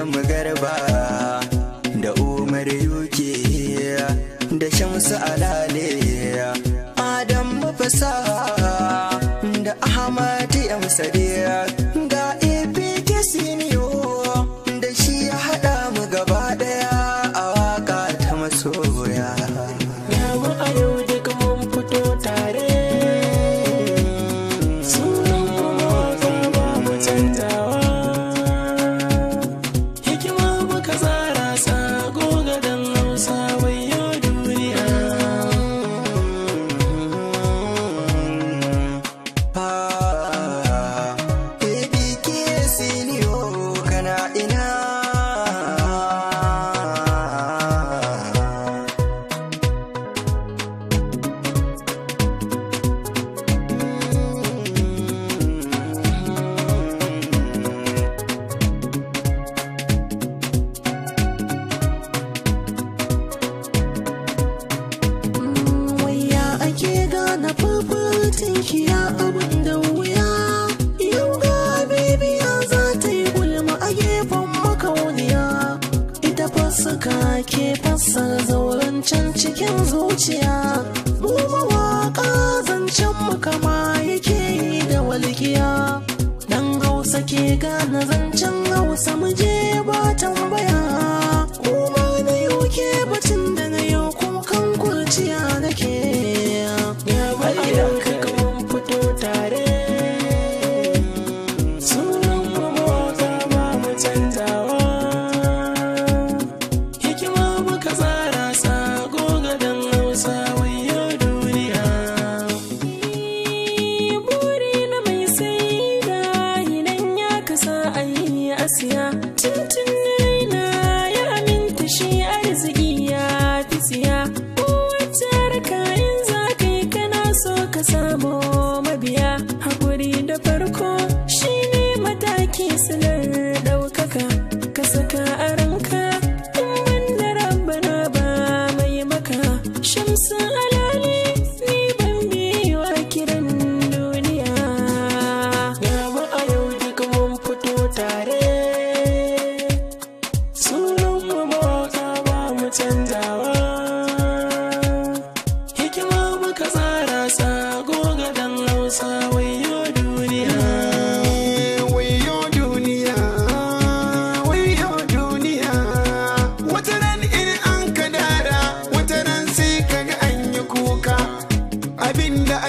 mu garba da Umar yuke da Shamsu Alale Adam mafasa da Ahmad M mutunci ya abin da wuya yau ga bibiya za ta yi gulma a gefen makauniya ita fasaka ke fassara zauren can cikin zuciya siya tuntun ne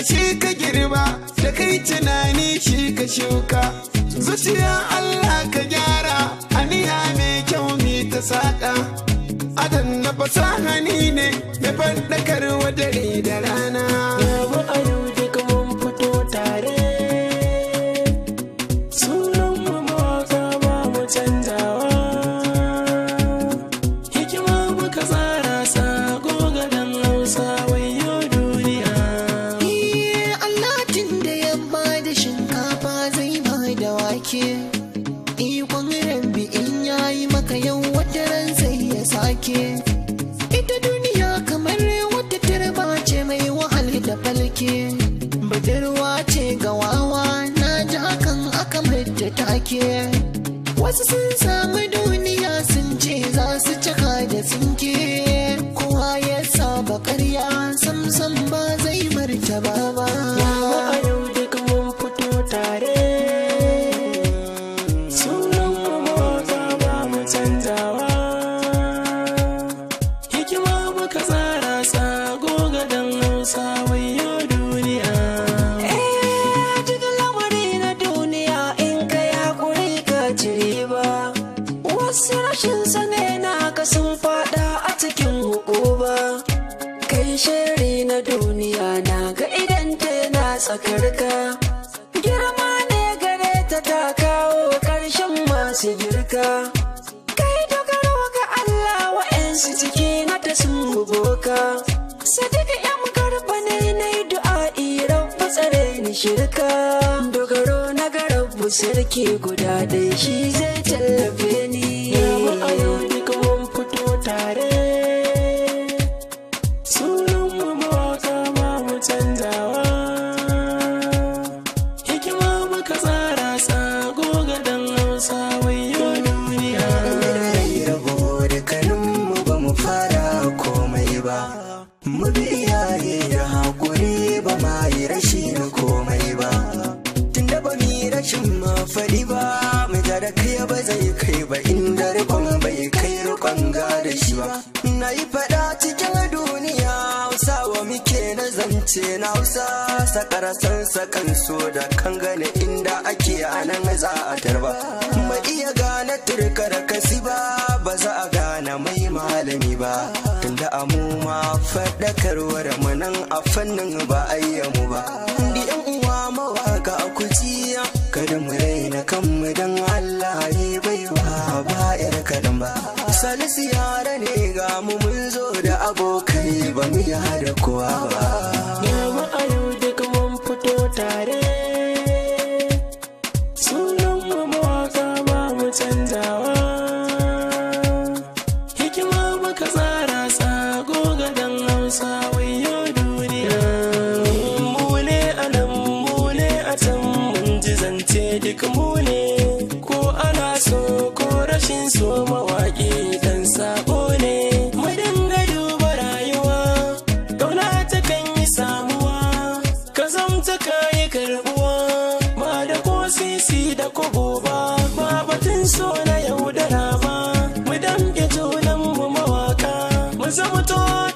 ashe ka girba da kai tunani shi ka shuka zuciya Allah ka gyara aniya mai kyau mi ta saƙa adan na fasahani ne mai faɗakar dare da rana falke ita duniya kamar wata turba ce mai wahali da falke budurwa ce ga wawa na ji hakan aka mai take wasu sun samu shiri na duniya na ga idan na tsakar ka. girma ne gare ta ta kawo ƙarshen masu girka kai dogaro ga Allah wa'yansu ciki na ta sun ka sadaka yan garba ne na yi du'a rabba tsare ni shirka dogaro na ga sarki guda ɗaya shi zai tallafe ni faɗi ba mai da kai ba zai kai ba inda rikon bai kai rikon da shi ba na yi faɗa cikin duniya hausa wa muke na zance na hausa sakara san sakan so da kan gane inda ake a nan za a tarba ba iya gane turkar kasi ba ba za a gane mai malami ba tunda amu ma faɗakarwar mu nan a fannin ba ayyamu ba kowa ba. Yaba a yau duk mun fito tare. to